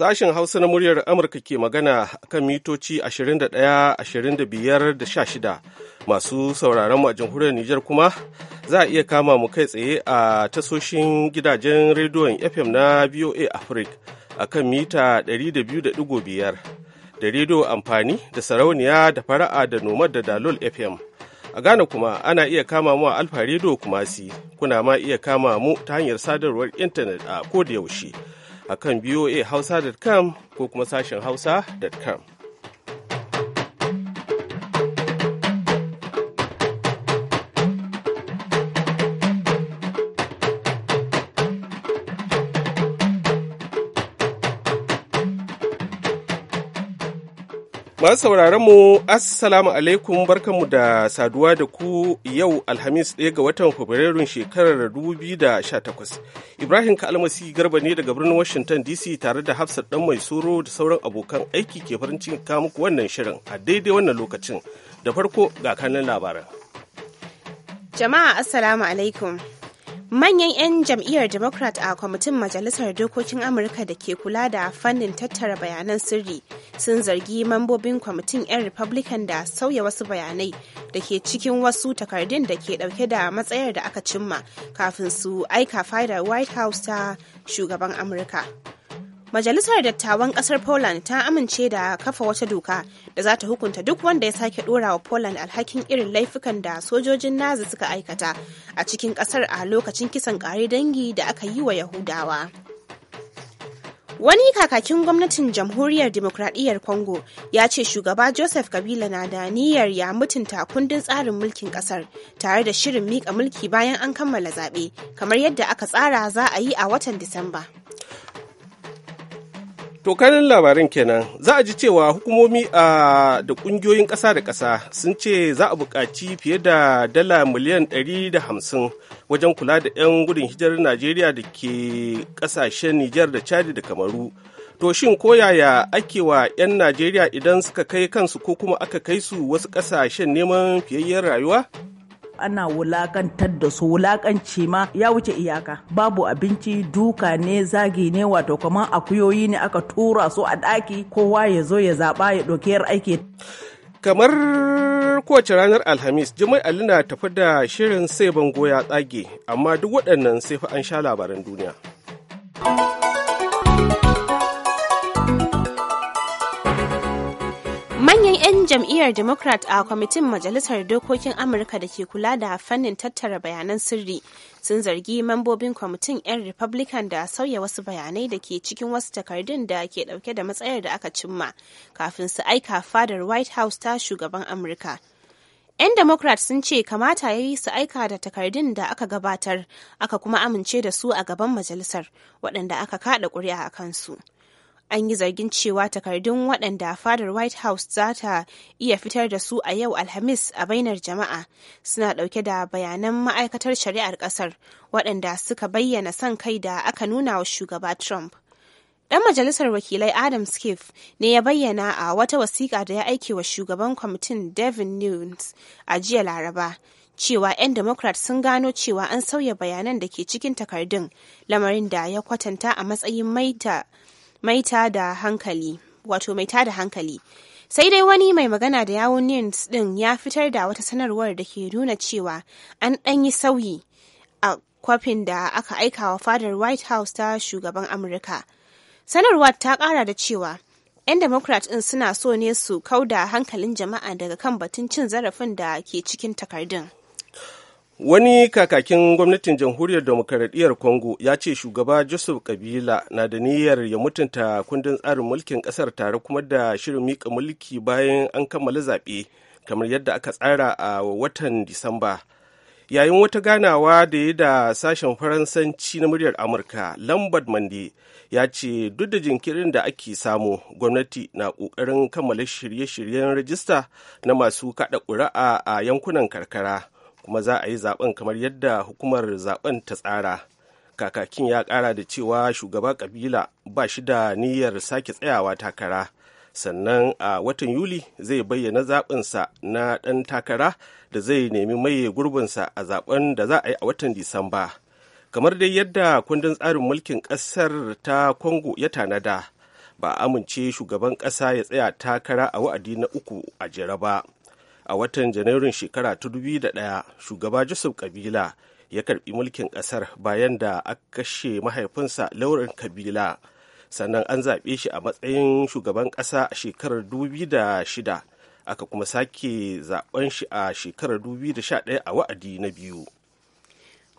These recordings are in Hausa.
Sashen Hausa na muryar Amurka ke magana kan mitoci 21-25-16 masu sauraron mu a jamhuriyar Nijar kuma za a iya kama mu kai tsaye a tasoshin gidajen rediyon FM na VOA Africa a kan mita 200.5 da rediyo amfani da sarauniya da fara'a da nomad da dalol FM. A Ghana kuma ana iya kama mu a Alfa Kuma Kumasi kuna ma iya kama mu ta hanyar sadarwar intanet a koda yaushe. akan hausa.com ko kuma sashen hausa.com. Masu sauraron mu Assalamu alaikum barkanmu da saduwa da ku yau Alhamis ɗaya ga watan Fabrairun shekarar 2018. Ibrahim Kalmasi Garba ne daga birnin Washington DC tare da Hafsat ɗan mai soro da sauran abokan aiki ke farin cikin muku wannan shirin a daidai wannan lokacin. Da farko ga kanan labaran. Jama'a Assalamu alaikum. Manyan 'yan jam'iyyar Democrat a kwamitin Majalisar Dokokin Amurka da ke kula da fannin tattara bayanan sirri sun zargi mambobin kwamitin 'yan Republican da sauya wasu bayanai da ke cikin wasu takardun da ke dauke da matsayar da aka cimma kafin su aika fadar White House ta shugaban Amurka. Majalisar Dattawan ƙasar Poland ta amince da kafa wata doka da za ta hukunta duk wanda ya sake ɗora wa Poland alhakin irin laifukan da sojojin Nazi suka aikata a cikin ƙasar a lokacin kisan kare dangi da aka yi wa Yahudawa. Wani kakakin gwamnatin Jamhuriyar demokradiyyar Congo ya ce shugaba Joseph Kabila na da niyyar ya mutunta kundin tsarin mulkin ƙasar tare da shirin miƙa mulki bayan an kammala zaɓe, kamar yadda aka tsara za a yi a watan Disamba. To kanin labarin kenan za a ji cewa hukumomi a da kungiyoyin ƙasa da ƙasa sun ce za a buƙaci fiye da dala miliyan 150 wajen kula da 'yan gudun hijirar Najeriya da ke ƙasashen Nijar da Chadi da Kamaru. To shin koyaya ake wa 'yan Najeriya idan suka kai kansu ko kuma aka kai su wasu ƙasashen neman fiyayyen rayuwa? ana wulakantar da su wulakanci ma ya wuce iyaka babu abinci duka ne zagi ne wato kamar akuyoyi ne aka tura su a ɗaki kowa ya zo ya zaɓa ya ɗauki yar aiki kamar kowace ranar alhamis jimai ali na tafi da shirin sai bango ya tsage amma duk waɗannan sai fa an sha labaran duniya manyan jam'iyyar Democrat a kwamitin Majalisar Dokokin Amurka da ke kula da fannin tattara bayanan sirri sun zargi mambobin kwamitin 'yan Republican da sauya wasu bayanai da ke cikin wasu takardun da ke dauke da matsayar da aka cimma kafin su aika fadar White House ta shugaban Amurka. 'Yan Democrat sun ce kamata ya yi su aika da takardun da aka gabatar, aka kuma amince da su a gaban majalisar, waɗanda aka kaɗa ƙuri'a a kansu. an yi zargin cewa takardun waɗanda fadar white house za ta iya fitar da su a yau alhamis a bainar jama'a suna ɗauke da bayanan ma'aikatar shari'ar ƙasar waɗanda suka bayyana son kai da aka nuna wa shugaba trump Ɗan majalisar wakilai Adam skiff ne ya bayyana a wata wasiƙa da ya aike wa shugaban kwamitin Devin Nunes a jiya Laraba cewa 'yan Democrat sun gano cewa an sauya bayanan da ke cikin takardun lamarin da ya kwatanta a matsayin maita maita da hankali wato maita da hankali sai dai wani mai magana da yawon news din ya fitar da wata sanarwar da ke nuna cewa an ɗanyi sauyi a kwafin da aka aika wa fadar white house ta shugaban amurka sanarwar ta kara da cewa 'yan democrat din suna so ne su kauda hankalin jama'a daga kan batun cin zarafin da ke cikin takardun Wani kakakin gwamnatin jamhuriyar demokaradiyyar Congo ya ce shugaba Joseph Kabila na da niyyar ya mutunta kundin tsarin mulkin ƙasar tare kuma da shirin mika mulki bayan an kammala zaɓe kamar yadda aka tsara a watan Disamba. Yayin wata ganawa da ya da sashen Faransanci na muryar Amurka, Lambert Mande ya ce duk da jinkirin da ake samu, gwamnati na ƙoƙarin kammala shirye-shiryen rajista na masu kaɗa ƙuri'a a yankunan karkara. kuma za a yi zaben kamar yadda hukumar zaben ta tsara kakakin ya kara da cewa shugaba kabila ba shi da niyyar sake tsayawa takara sannan a watan yuli zai bayyana zaɓinsa na ɗan takara da zai nemi maye gurbinsa a zaben da za a yi a watan disamba kamar dai yadda kundin tsarin mulkin ƙasar ta Kongo ya tanada ba amince shugaban ƙasa ya tsaya takara a wa'adi na uku a jere ba a watan janairun shekara ta ɗaya shugaba joseph kabila ya karbi mulkin kasar bayan da aka kashe mahaifinsa lauren kabila sannan an zaɓe shi a matsayin shugaban ƙasa a shekarar dubu da shida aka kuma sake zaɓen shi a shekarar dubu da sha daya a wa'adi na biyu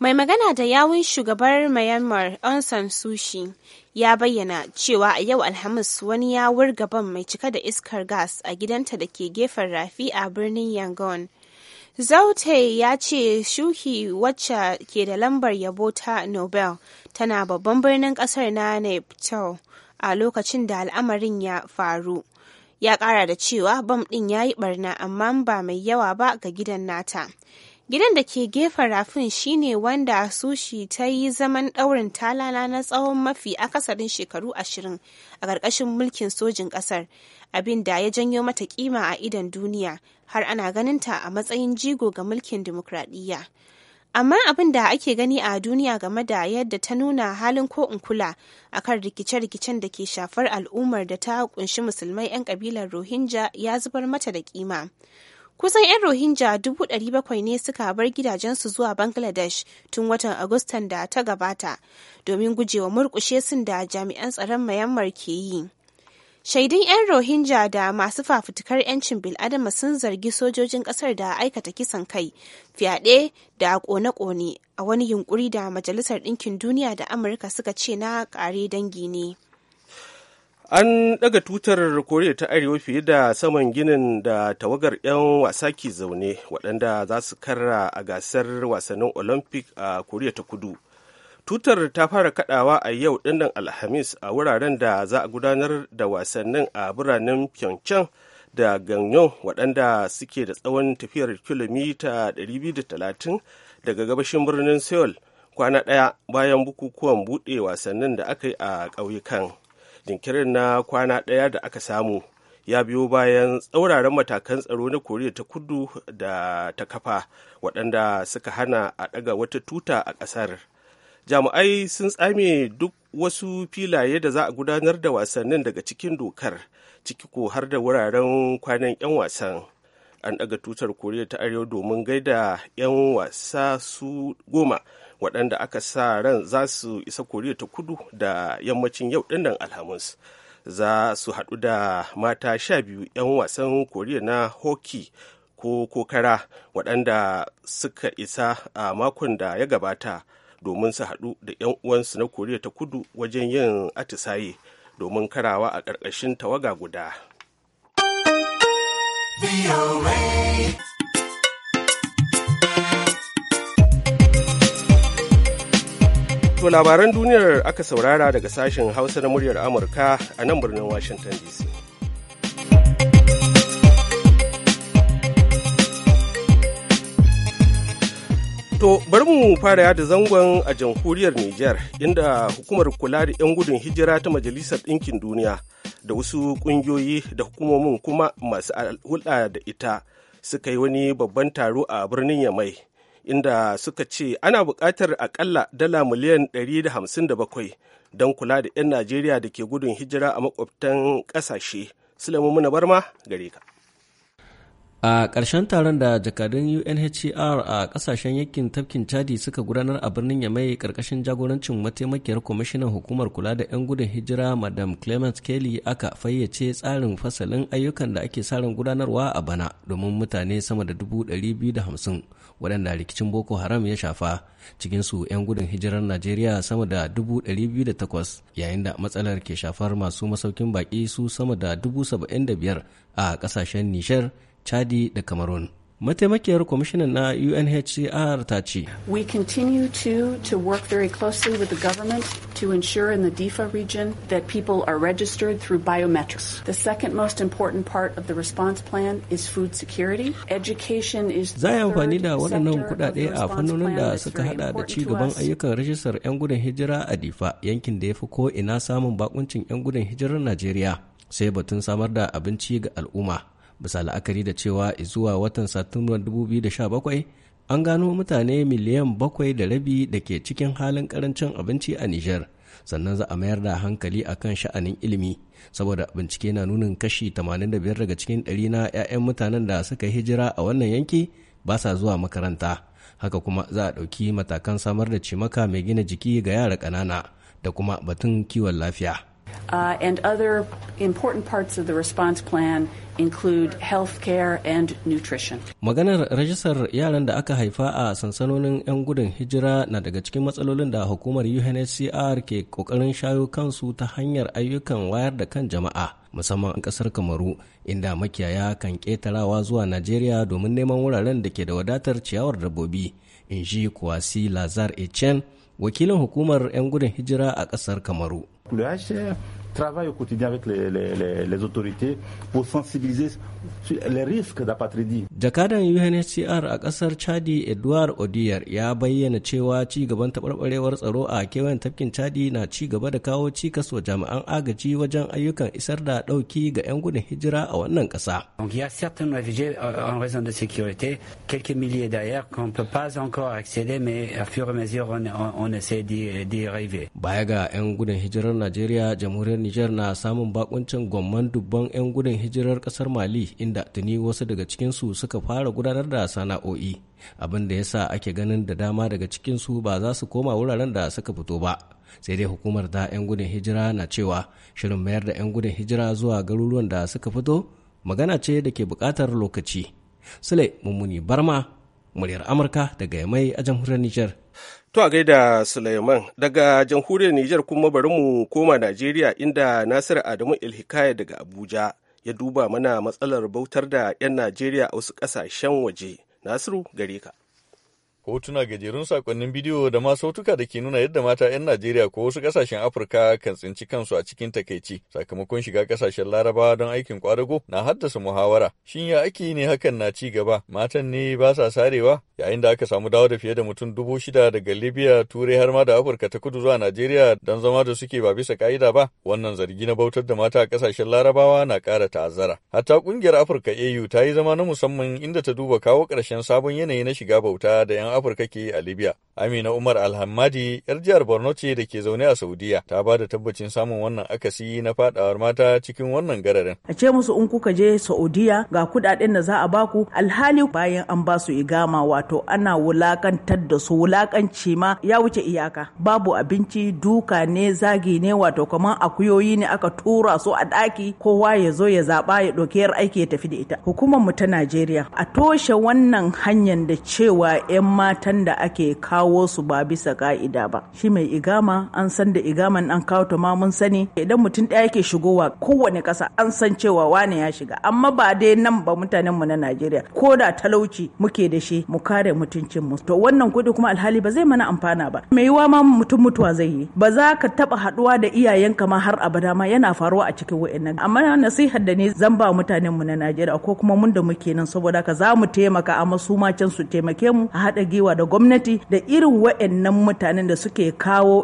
Mai magana da yawun shugabar Myanmar Aung San Suu Kyi ya bayyana cewa a yau Alhamis wani ya wurga bam mai cika da iskar gas a gidanta da ke gefen rafi a birnin Yangon. Zaute ya ce shuki wacce ke da lambar yabo ta Nobel tana babban birnin kasar na Nepal a lokacin da al'amarin ya faru. Ya kara da cewa bam din ya yi barna amma ba mai yawa ba ga gidan nata. Gidan da ke gefen rafin shine wanda Sushi ta yi zaman ɗaurin talala na tsawon mafi akasarin shekaru ashirin a ƙarƙashin mulkin sojin ƙasar, abin da ya janyo mata kima a idon duniya har ana ganinta a matsayin jigo ga mulkin dimokuraɗiyya. amma abin da ake gani a duniya game da yadda ta nuna halin ko in kula a kan rikice-rikicen da ke shafar al'ummar da ta kunshi musulmai 'yan kabilar rohingya ya zubar mata da kima Kusan 'yan Rohingya 700,000 ne suka bar gidajensu zuwa Bangladesh tun watan Agustan da ta gabata domin gujewa murkushe sun da jami'an tsaron Myanmar ke yi. Shaidun 'yan Rohingya da masu fafutukar 'yancin bil'adama sun zargi sojojin kasar da aikata kisan kai, fyaɗe da kone-kone a wani yunƙuri da Majalisar Ɗinkin Duniya da Amurka suka ce na ƙare dangi ne. an daga tutar koriya ta arewa fiye da saman ginin da tawagar 'yan wasa ke zaune waɗanda za su kara a gasar wasannin olympic a koriya ta kudu tutar ta fara kadawa a yau dinnan alhamis a wuraren da za a gudanar da wasannin a biranen pyeongchang da ganyon waɗanda suke da tsawon tafiyar kilomita 230 daga gabashin birnin seoul kwana ɗaya bayan bukukuwan buɗe wasannin da aka yi a ƙauyukan jinkirin na kwana ɗaya da aka samu ya biyo bayan tsauraran matakan tsaro na koriya ta kudu da ta kafa waɗanda suka hana a ɗaga wata tuta a ƙasar jami'ai sun tsame duk wasu filaye da za a gudanar da wasannin daga cikin dokar ciki ko har da wuraren kwanan 'yan wasan an ɗaga tutar koriya ta arewa domin gaida 'yan wasa su goma waɗanda aka sa ran za su isa koriya ta kudu da yammacin yau ɗinnan alhamis za su haɗu da mata sha biyu 'yan wasan koriya na hockey ko kokara waɗanda suka isa a makon da ya gabata domin su haɗu da 'yan uwansu na koriya ta kudu wajen yin atisaye domin karawa a ƙarƙashin tawaga guda. To labaran duniyar aka saurara daga sashen Hausa na muryar Amurka a nan birnin Washington DC. To bari mu fara yada zangon a jamhuriyar Nijar inda hukumar kula da 'yan gudun hijira ta Majalisar Ɗinkin Duniya da wasu ƙungiyoyi da hukumomin kuma masu hulɗa da ita suka yi wani babban taro a birnin Yamai inda suka ce ana buƙatar akalla dala miliyan 157 don kula da 'yan Najeriya da ke gudun hijira a makwabtan ƙasashe. Sulaimu Muna Barma gare ka. A ƙarshen taron da jakadun UNHCR a ƙasashen yankin tafkin Chadi suka gudanar a birnin Yamai ƙarƙashin jagorancin mataimakiyar kwamishinan hukumar kula da 'yan gudun hijira Madam Clement Kelly aka fayyace tsarin fasalin ayyukan da ake tsarin gudanarwa a bana domin mutane sama da dubu ɗari hamsin. waɗanda rikicin boko haram ya shafa cikinsu 'yan gudun hijirar najeriya sama da 208 yayin da matsalar ke shafar masu masaukin baƙi su sama da 75,000 a ƙasashen nishar chadi da cameroon mataimakiyar kwamishinan na unhcr ta ce we continue to to work very closely with the government to ensure in the difa region that people are registered through biometrics the second most important part of the response plan is food security education is za a amfani da waɗannan kuɗaɗe a fannonin da suka haɗa da ci gaban ayyukan rajistar 'yan gudun hijira a difa yankin da ya fi ko ina samun bakuncin 'yan gudun hijirar najeriya sai batun samar da abinci ga al'umma bisa la'akari da cewa zuwa watan satumbar 2017 an gano mutane miliyan bakwai da rabi da ke cikin halin karancin abinci a Nijar sannan za a mayar da hankali a kan sha'anin ilimi saboda bincike na nunin kashi 85 daga cikin ɗari na 'ya'yan mutanen da suka hijira a wannan yanki ba sa zuwa makaranta haka kuma za a ɗauki matakan samar da cimaka mai gina jiki ga yara ƙanana da kuma batun kiwon lafiya. uh, and other important parts of the response plan include health care and nutrition. Maganar rajistar yaran da aka haifa a sansanonin 'yan gudun hijira na daga cikin matsalolin da hukumar UNHCR ke kokarin shayo kansu ta hanyar ayyukan wayar da kan jama'a musamman kasar Kamaru inda makiyaya kan ketarawa zuwa Najeriya domin neman wuraren da ke da wadatar ciyawar dabbobi. In ji Kwasi Lazar Echen wakilin hukumar 'yan gudun hijira a ƙasar kamaru travaille au quotidien avec les, les, les autorités pour sensibiliser sur les risques d'apatridie. Jakadan UNHCR a kasar Chadi Edouard Odier ya bayyana cewa ci gaban taɓarɓarewar tsaro a kewayen tafkin Chadi na ci gaba da kawo cikas wa jami'an agaji wajen ayyukan isar da dauki ga 'yan gudun hijira a wannan ƙasa. Donc il y a certains réfugiés euh, en raison de sécurité, quelques milliers d'ailleurs qu'on ne peut pas encore accéder mais à fur et à mesure on, on, on essaie d'y arriver. Baya ga 'yan gudun hijirar Najeriya jamhuriyar Nijar na samun bakuncin gwamman dubban 'yan gudun hijirar kasar Mali inda tuni wasu daga cikinsu suka fara gudanar da sana'o'i abin da sa ake ganin da dama daga cikinsu ba za su koma wuraren da suka fito ba. Sai dai hukumar da 'yan gudun hijira na cewa shirin mayar da 'yan gudun hijira zuwa garuruwan da suka fito magana ce da ke bukatar lokaci. Sule Mummuni Barma, muryar Amurka daga Yamai a jamhuriyar Nijar. To a gaida Sulaiman daga jamhuriyar Nijar kuma bari mu koma Najeriya inda Nasir Adamu Ilhikaya daga Abuja ya duba mana matsalar bautar da 'yan Najeriya a wasu kasashen waje. Nasiru gare ka. hotuna gajerun sakonnin bidiyo da ma sautuka da ke nuna yadda mata 'yan Najeriya ko wasu kasashen Afirka kan tsinci kansu a cikin takaici sakamakon shiga kasashen Laraba don aikin kwadago na haddasa muhawara. Shin ya ake ne hakan na ci gaba? Matan ne ba sa sarewa yayin da aka samu dawo da fiye da mutum dubu shida daga libya turai har ma da afirka ta kudu zuwa najeriya don zama da suke ba bisa ka'ida ba wannan zargi na bautar da mata a kasashen larabawa na kara ta'azzara hatta ƙungiyar afirka au ta yi zama na musamman inda ta duba kawo karshen sabon yanayi na shiga bauta da 'yan afirka ke a libya amina umar alhammadi yar jihar borno ce da ke zaune a saudiya ta ba da tabbacin samun wannan akasi na fadawar mata cikin wannan gararin a ce musu in kuka je saudiya ga kuɗaɗen da za a baku alhali bayan an ba su igama wato wato ana wulakantar da su wulakanci ma ya wuce iyaka babu abinci duka ne zagi ne wato kamar akuyoyi ne aka tura su a ɗaki kowa ya zo ya zaba. ya ɗauki yar aiki ya tafi da ita hukumar mu ta najeriya a toshe wannan hanyar da cewa 'yan matan da ake kawo su ba bisa ka'ida ba shi mai igama an san da igaman an kawo ta ma mun sani idan mutum ɗaya yake shigowa kowane kasa. an san cewa wane ya shiga amma ba dai nan ba mutanen mu na najeriya ko da talauci muke da shi mu kare mutuncin mu to wannan kuɗi kuma alhali ba zai mana amfana ba mai yiwa ma mutum mutuwa zai yi ba za ka taba haduwa da ka ma har abada ma yana faruwa a cikin wayannan amma nasihar da ne zan ba mutanen mu na Najeriya ko kuma mun da muke nan saboda ka za mu taimaka amma su ma can su taimake mu a haɗa giwa da gwamnati da irin wayannan mutanen da suke kawo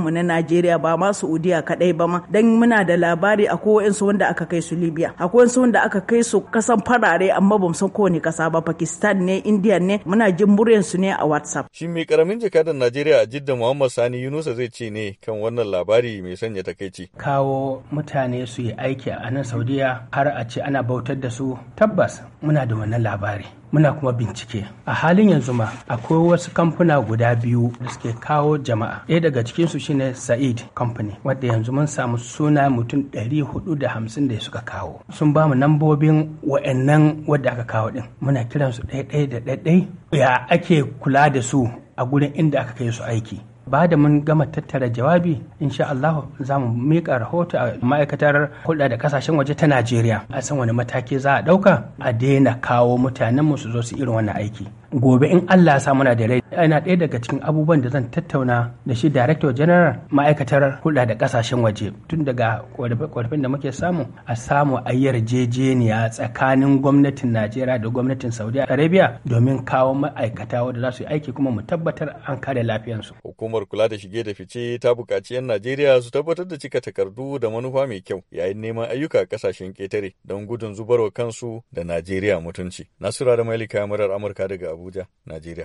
mu na Najeriya ba ma Saudiya kadai ba ma dan muna da labari akwai wa'ansu wanda aka kai su Libya akwai wa'ansu wanda aka kai su kasan farare amma ba mu san kowane kasa ba Pakistan ne India ne muna ana jin muryansu ne a WhatsApp. Shi mai karamin jakadan Najeriya a Jidda Muhammad Sani Yunusa zai ce ne kan wannan labari mai sanya takaici. Kawo mutane su yi aiki a nan Saudiya har a ce ana bautar da su tabbas muna da wannan labari. muna kuma bincike a halin yanzu ma akwai wasu kamfuna guda biyu da suke kawo jama'a ɗaya daga cikin su shine sa'id company wadda yanzu mun samu suna mutum 450 da suka kawo sun ba mu nambobin wa'annan wadda aka kawo din muna kiransu ɗaya ɗaya da ɗaya ya ake kula da su a gurin inda aka kai su aiki ba da mun gama tattara jawabi insha Allah za mu miƙa rahoto a ma'aikatar hulɗa da kasashen waje ta Najeriya a san wani mataki za a ɗauka a daina kawo mutanen mu su zo su irin wannan aiki gobe in Allah ya sa muna da rai ina ɗaya daga cikin abubuwan da zan tattauna da shi director general ma'aikatar hulɗa da kasashen waje tun daga ƙwarfin da muke samu a samu a yarjejeniya tsakanin gwamnatin Najeriya da gwamnatin Saudi Arabia domin kawo ma'aikata wanda za su yi aiki kuma mu tabbatar an kare lafiyar su. Hukumar kula da shige da fice ta bukaci 'yan Najeriya su tabbatar da cika takardu da manufa mai kyau yayin neman ayyuka a ƙasashen ƙetare don gudun zubarwa kansu da Najeriya mutunci. Nasura da Malika Murar Amurka daga Abuja, Najeriya.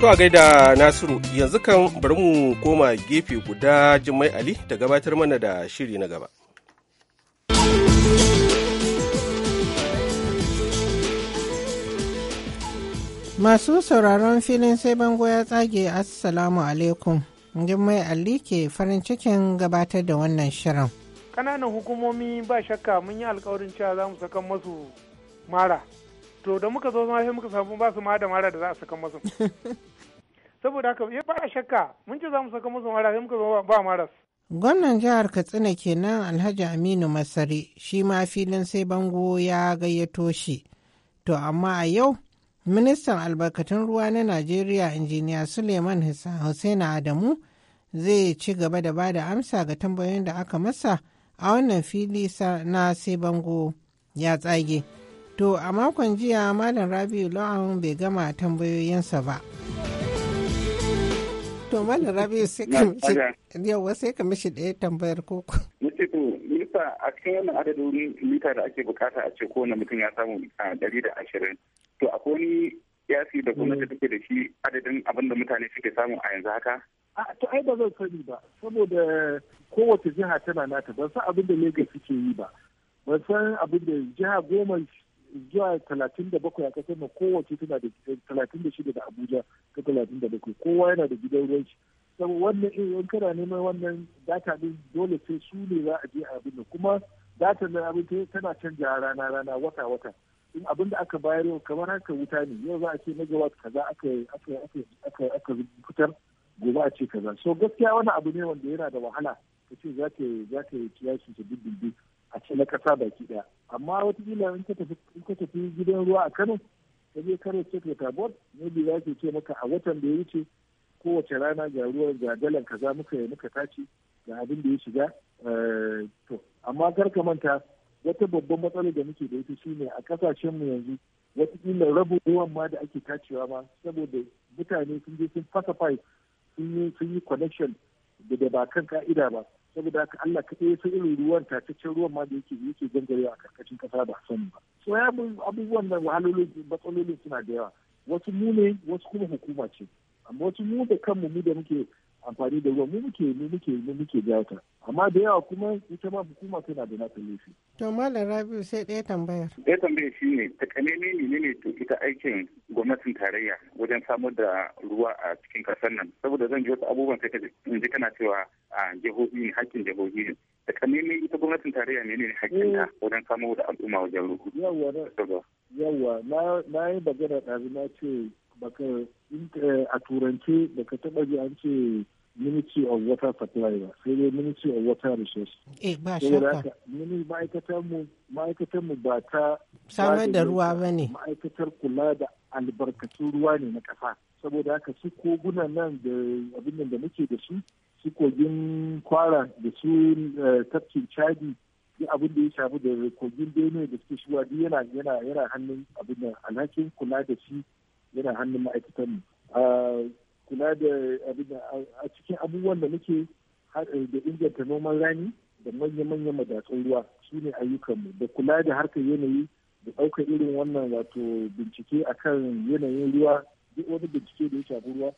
To gaida Nasiru yanzu kan bari mu koma gefe guda Jummai Ali da gabatar mana da shiri na gaba. Masu sauraron filin sai bango ya tsage Assalamu alaikum. Jummai mai ke farin cikin gabatar da wannan shirin. Kananan hukumomi ba shakka mun yi alkawarin cewa za mu sakan masu mara. To da muka zo sai muka samu ba su ma da mara da za a sakan masu. Saboda haka eh, ba shakka mun ce za mu sakan masu mara sai muka zo ba mara. Gwamnan jihar Katsina kenan Alhaji Aminu Masari shi ma filin sai bango ya gayyato shi. To amma a yau ministan albarkatun ruwa na najeriya injiniya suleiman Hussaina adamu zai ci gaba da bada amsa ga tambayoyin da aka masa a wannan fili na sai bango ya tsage to a makon jiya malam rabiu lo'an bai gama tambayoyinsa ba to malam rabiu sai ka mishi ɗaya tambayar koko yasa a cikin wannan adadin mita da ake bukata a ce kowane mutum ya samu a ɗari da ashirin to akwai wani yasi da gwamnati mm. take da shi adadin abin da mutane suke samu a yanzu haka a to ai ba zan sani ba saboda kowace jiha tana nata ban san abin da Legas suke yi ba ban san abin da jiha goma zuwa talatin da bakwai a kasar na kowace tana da talatin da shida da Abuja ta talatin da bakwai kowa yana da gidan ruwan sau wannan in kana neman wannan data din dole sai su ne za a je abin da kuma data na abin tana canja rana rana wata wata in abin da aka bayar yau kamar haka wuta ne yau za a ce megawatt kaza aka aka aka fitar gobe a ce kaza so gaskiya wani abu ne wanda yana da wahala ka ce za ka za ta kiyashi ta dubbi a ce na kasa baki ɗaya amma watakila in ka tafi in ka tafi gidan ruwa a Kano ka je Kano State Water Board ne ce maka a watan da ya wuce kowace rana ga ruwan ga kaza muka yi muka tashi ga abin da ya shiga eh, to amma kar ka manta wata babban matsalar da muke da ita shine a kasashen mu yanzu wasu rabu ruwan ma da ake tacewa ma saboda mutane sun je sun fasa pipe sun yi connection da da ba kan ka'ida ba saboda haka Allah tsaye sun irin ruwan tataccen ruwan ma da yake yake gangare a karkashin kasa ba sani ba so ya abubuwan nan wahalolin matsalolin suna da yawa wasu mu ne wasu kuma hukuma ce amma wasu mu da kanmu mu da muke amfani da ruwa mu muke mu muke mu muke jata amma da yawa kuma ita ma hukuma tana da nata laifi. to malam rabiu sai ɗaya tambayar. ɗaya tambayar shi ne takamaiman ne ne to ita aikin gwamnatin tarayya wajen samar da ruwa a cikin ƙasar nan saboda zan ji wasu abubuwan sai in ji kana cewa a jihohi ne hakkin jihohi ne takamaiman ita gwamnatin tarayya ne ne hakkin ta eh. wajen samar da al'umma wajen ruwa. yawwa na yi bagana ɗazu na ce baka a turance baka taba ji an ce ministry of water supply ba sai dai ministry of water resources eh ba shakka mini ma'aikatar mu ma'aikatar mu ba ta samar da ruwa bane ma'aikatar kula da albarkatun ruwa ne na kasa saboda haka su kogunan nan da abin da muke da su su kogin kwara da su eh, tafkin chadi duk abin da ya shafi da kogin benue da suke shuwa duk yana yana yana hannun abin da alhakin kula da shi yana hannun ma'aikatanmu kula da a cikin abubuwan da muke eh, da inganta noman rani da manya-manyan madatsun ruwa su ne ayyukanmu da kula da harkar yanayi da ɗaukar irin wannan wato bincike a kan yanayin ruwa duk wani bincike da ya shafi ruwa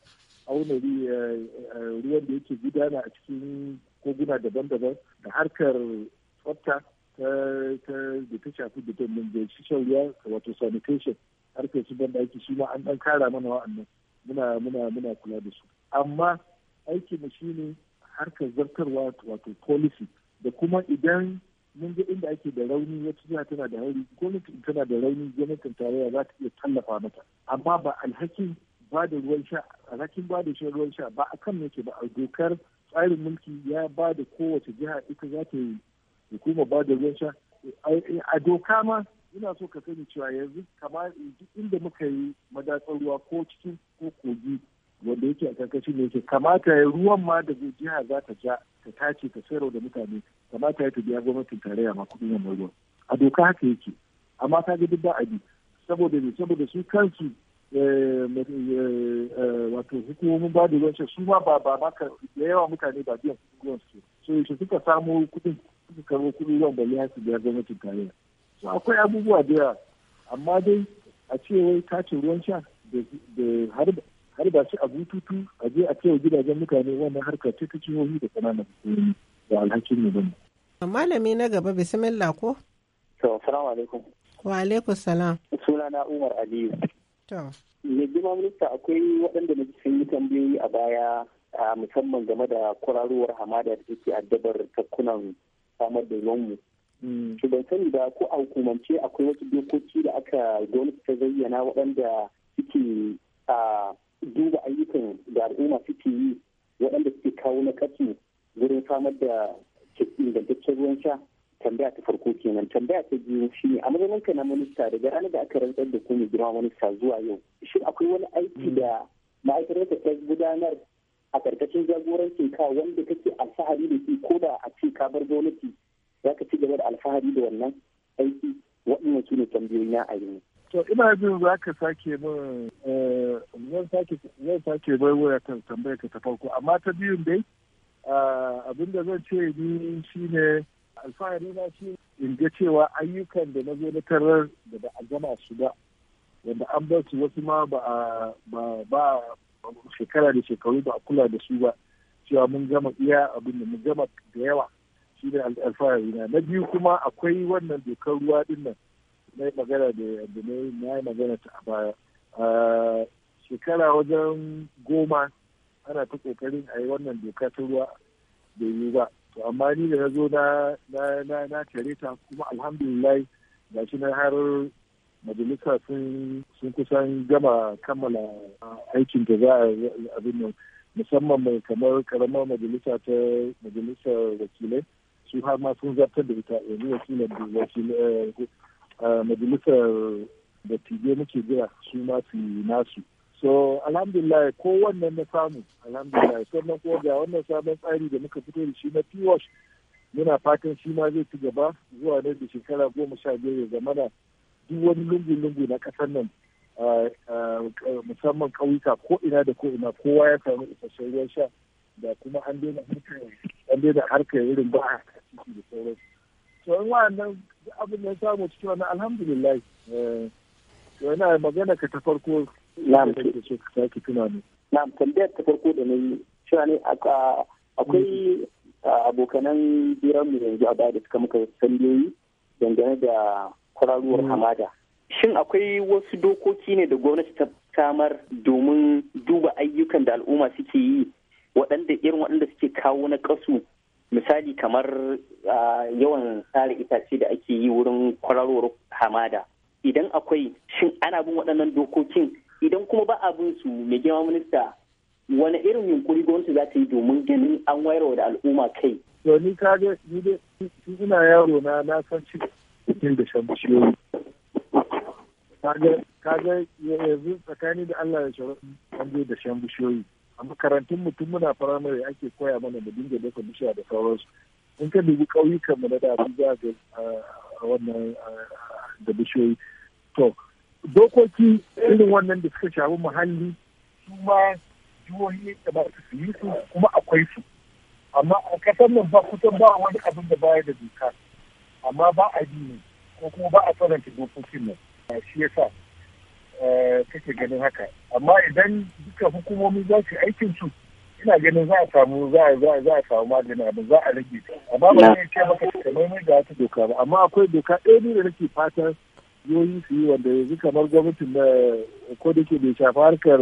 auna eh, eh, ruwan da yake gudana a cikin koguna daban-daban da harkar tsafta ta da ta shafi da domin da shan ruwa wato sanitation harkar su ban aiki shi ma an dan kara mana wa'annan muna muna muna kula da su amma aiki mu shine harkar zartarwa wato policy da kuma idan mun ga inda ake da rauni wata jiha tana da rauni gwamnati tana da rauni gwamnatin tarayya za ta iya tallafa mata amma ba alhakin ba da ruwan sha alhakin ba da ruwan sha ba a kan yake ba a dokar tsarin mulki ya ba da kowace jiha ita za ta yi hukuma ba da ruwan sha a doka ma ina so ka sani cewa yanzu kamar inda muka yi madatsar ruwa ko cikin ko kogi wanda yake a karkashin ne yake kamata ya ruwan ma da jiha za ta ja ta tace ta sayarwa da mutane kamata ya ta biya gwamnatin tarayya ma kuɗin yamma ruwan a doka haka yake amma ka ga duk ba abi saboda ne saboda su kansu eh, eh, eh, wato hukumomin ba da ruwan su ma ba ba maka da yawa mutane ba biyan kuɗin ruwan su so yake suka samo kuɗin suka karo kuɗin ruwan ba ya su biya gwamnatin tarayya so akwai abubuwa da yawa amma dai a ce wai katin ruwan sha da har ba shi a bututu a je a cewa gidajen mutane wannan harkar ta jihohi da ƙananan hukumomi da alhakin ne ba malami na gaba bismillah ko. to salamu alaikum. wa alaikum salam. suna na umar aliyu. to. ne girma minista akwai waɗanda na sun yi tambayoyi a baya musamman game da kwararowar hamada da take addabar tafkunan samar da ruwanmu. Mm. to ban sani ba ko a hukumance akwai wasu dokoki da aka gwamnati ta zayyana waɗanda suke a duba ayyukan da al'umma suke yi waɗanda suke kawo na katsu wurin samar da ingantaccen ruwan sha tambaya ta farko kenan tambaya ta biyu shi a mazamanka na minista daga ranar da aka rantsar da kuma girma minista zuwa yau shi akwai wani aiki mm. da ma'aikatar ta gudanar a ƙarƙashin jagorancin ka wanda kake alfahari da shi ko da a ce ka bar gwamnati za ka ci gaba da alfahari da wannan aiki waɗannan su ne tambayoyi na a yi to ina jin za ka sake min eh, zan sake bai waya kan tambayar ka ta farko amma ta biyun dai ah, abin da zan ce ni shine alfahari na shi in ga cewa ayyukan da na zo na tarar da ba a gama su ba wanda an bar su wasu ma ba ba shekara da shekaru ba a kula da su ba cewa mun gama iya abin da mun gama da yawa shi ne alfahari na na biyu kuma akwai wannan dokar ruwa din nan na yi magana da na yi magana ta a baya shekara wajen goma ana ta kokarin a yi wannan doka ta ruwa da yi ba to amma ni da na zo na na tare ta kuma alhamdulillah ga shi na har majalisa sun kusan gama kammala aikin da za a abin nan musamman mai kamar karamar majalisa ta majalisar wakilai su har ma sun zartar da ita yanzu eh, wakilin eh, eh, majalisar da tije muke jira su ma su yi nasu so alhamdulillah ko wannan na samu alhamdulillah sannan ko ga wannan sabon tsari da muka fito da shi na p muna fatan shi ma zai ci gaba zuwa nan da shekara goma sha biyar ya zama na duk wani lungu-lungu na kasar nan musamman ƙauyuka ko ina da ko ina kowa ya samu isasshen ruwan sha da kuma an daina harkar an daina harkar irin ba a da sauran to in wa'annan abin da ya samu cikin wannan alhamdulillah yana eh, magana ka ta farko na'am ke tambayar ta farko da na yi cewa ne akwai ah, abokanan biyar mu yanzu a baya da suka muka sandiyoyi dangane da kwararuwar mm. hamada shin akwai wasu dokoki ne da gwamnati ta samar domin duba ayyukan da al'umma suke yi waɗanda irin waɗanda suke kawo na kasu misali kamar yawan tsara itace da ake yi wurin kwararowar hamada idan akwai shin ana bin waɗannan dokokin idan kuma ba bin su mai girma minista wani irin yunkuri gwamnati za ta yi domin ganin an wayar da al'umma kai to ni ka ga ni yaro na na san shi cikin da shan bishiyoyi ka ga yanzu tsakani da Allah ya sharo an da shan bishiyoyi a makarantun mutum muna firamare ake koya mana mu dinga dasa bishiya da sauransu in ka dubi ƙauyukan mu na da za ga ah, wannan ah, da bishiyoyi to dokoki irin wannan da suka shafi muhalli su ma jihohi da ba su yi su kuma akwai su amma a kasar nan ba kusan ba wani abin da baya da doka amma ba a bi ko kuma ba a tsananta dokokin nan shi yasa Eh, kake ganin haka amma idan duka hukumomi za su aikin su ina ganin za a samu za a za a samu maganin abin za a rage amma ba zai ce maka kamar mai da wata doka ba amma akwai doka ɗaya ne da nake fatan yoyi su yi wanda yanzu kamar gwamnatin na ko da ke bai shafi harkar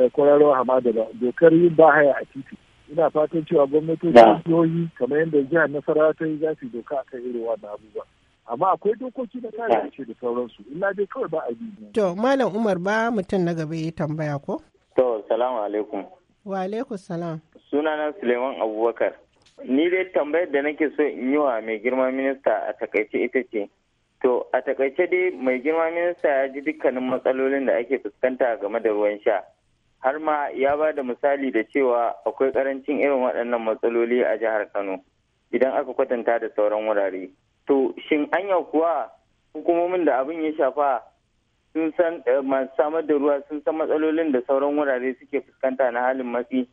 eh, kwararwa hamada ba dokar yin ba haya a titi ina fatan cewa gwamnatin yoyi kamar yadda jihar nasarawa ta yi za su doka akan irin wannan abubuwa amma akwai dokoki na kare ce da sauransu illa dai kawai ba a bi to malam umar ba mutum na gaba ya tambaya ko to salamu alaikum wa alaikum salam sunana suleiman abubakar ni dai tambayar da nake so in yi wa mai girman minista a takaice ita ce to a takaice dai mai girma minista ya ji dukkanin matsalolin da ake fuskanta game da ruwan sha har ma ya ba da misali da cewa akwai karancin irin waɗannan matsaloli a jihar kano idan aka kwatanta da sauran wurare to shin anya kuwa hukumomin da abin ya shafa sun san eh, masu samar da ruwa sun san matsalolin da sauran wurare suke fuskanta na halin matsi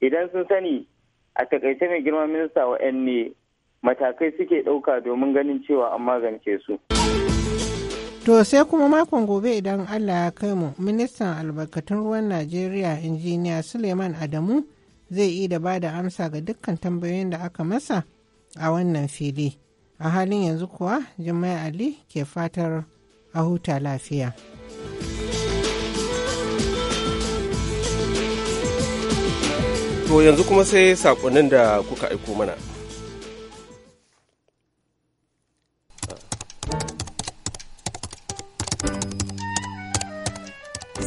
idan sun sani a takaice mai girma minista wa ne matakai suke ɗauka domin ganin cewa an magance su. To sai kuma makon gobe idan Allah ya kai mu ministan albarkatun ruwan Najeriya injiniya Suleiman Adamu zai yi da bada amsa ga dukkan tambayoyin da aka masa a wannan fili. a halin yanzu kuwa jimai ali ke fatar a huta lafiya to yanzu kuma sai sakonin da kuka aiko mana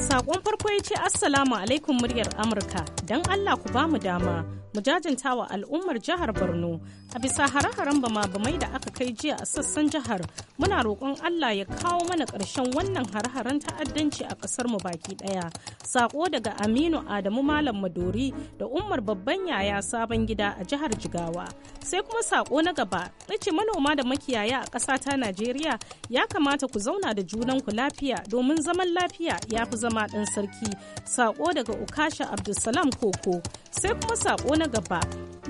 Sakon farko ya ce Assalamu alaikum muryar Amurka, don Allah ku ba mu dama mu jajanta wa al'ummar jihar borno a bisa hare-haren bama-bamai da aka kai jiya a sassan jihar muna roƙon allah ya kawo mana ƙarshen wannan hare-haren ta'addanci a ƙasar mu baki ɗaya saƙo daga aminu adamu malam madori da umar babban yaya sabon gida a jihar jigawa sai kuma saƙo na gaba ce manoma da makiyaya a ƙasa ta najeriya ya kamata ku zauna da junan ku lafiya domin zaman lafiya ya fi zama ɗan sarki saƙo daga ukasha abdulsalam koko sai kuma sako na gaba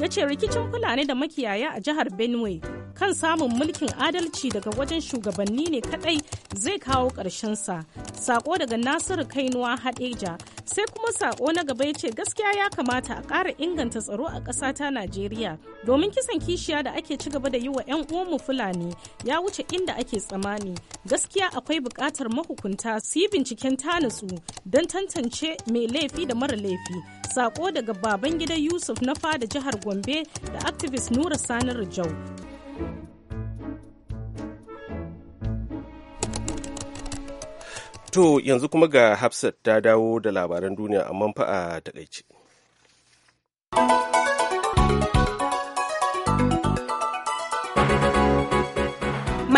ya ce rikicin fulani da makiyaya a jihar benue kan samun mulkin adalci daga wajen shugabanni ne kadai zai kawo sa sako daga nasiru kainuwa hadeja sai kuma sako na gaba ya ce gaskiya ya kamata a ƙara inganta tsaro a ƙasa ta najeriya domin kisan kishiya da ake ci gaba da yi wa 'yan uwanmu fulani ya wuce inda ake tsamani gaskiya akwai buƙatar mahukunta su yi binciken tanatsu don tantance mai laifi da mara laifi Sako daga baban gida Yusuf na fada jihar Gombe da activist Nura Sani Rijau. To yanzu kuma ga Hafsat ta dawo da labaran duniya amma fa a takaice.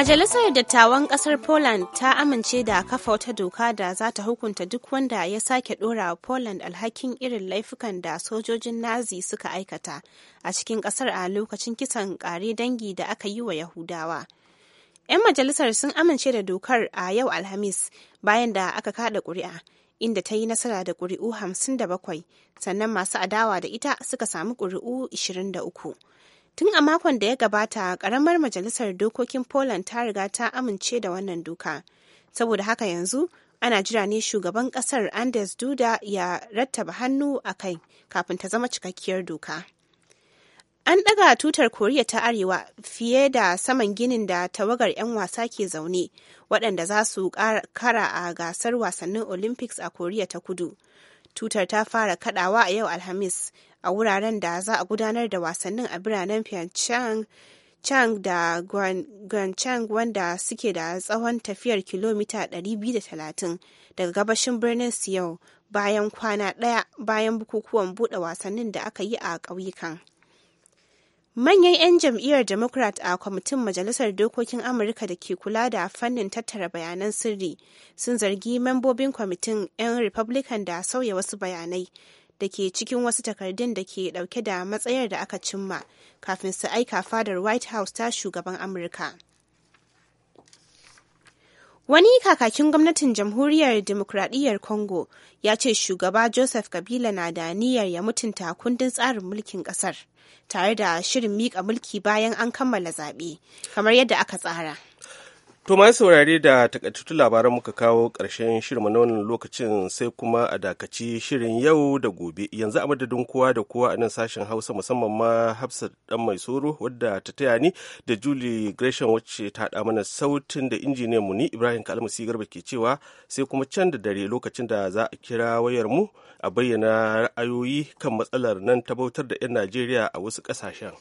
Majalisar Dattawan Ƙasar Poland ta amince da kafa wata doka da za ta hukunta duk wanda ya sake ɗora Poland alhakin irin laifukan da sojojin Nazi suka aikata a cikin ƙasar a lokacin kisan ƙare dangi da aka yi wa Yahudawa. 'Yan majalisar sun amince da dokar a yau Alhamis bayan da aka kada ƙuri'a, inda ta yi nasara da ƙuri'u 57, sannan masu adawa da ita suka samu ƙuri'u 23. Tun a makon da ya gabata, ƙaramar majalisar dokokin Poland ta riga ta amince da wannan doka. Saboda haka yanzu, ana jira ne shugaban ƙasar Anders Duda ya rattaba hannu a kai kafin ta zama cikakkiyar doka. An ɗaga tutar Koriya ta Arewa fiye da saman ginin da tawagar 'yan wasa ke zaune, waɗanda za su kara a gasar wasannin Olympics a Koriya ta Kudu. Tutar ta fara kaɗawa a yau Alhamis a wuraren da za a gudanar da wasannin a biranen Pyeongchang Chang da Gyeongchang wanda suke da tsawon tafiyar kilomita 230 daga gabashin birnin Seoul bayan kwana ɗaya bayan bukukuwan buɗe wasannin da aka yi a ƙauyukan. Manyan 'yan jam'iyyar Democrat a kwamitin Majalisar Dokokin Amurka da ke kula da fannin tattara bayanan sirri sun zargi membobin kwamitin 'yan Republican da sauya wasu bayanai da ke cikin wasu takardun da ke dauke da matsayar da aka cimma kafin su aika fadar white house ta shugaban amurka wani kakakin gwamnatin jamhuriyar demokradiyyar congo ya ce shugaba joseph kabila na da niyyar ya mutunta kundin tsarin mulkin kasar tare da shirin miƙa mulki bayan an kammala zaɓe kamar yadda aka tsara To ma saurare da takaitattun labaran muka kawo ƙarshen shirin na wannan lokacin sai kuma a dakaci shirin yau da gobe yanzu a madadin kowa da kowa a nan sashen Hausa musamman ma hafsa dan mai soro wadda ta taya ni da Julie Gresham wacce ta haɗa mana sautin da injiniyan mu ni Ibrahim Kalmasi Garba ke cewa sai kuma can da dare lokacin da za a kira wayar mu a bayyana ra'ayoyi kan matsalar nan ta bautar da 'yan Najeriya a wasu ƙasashen.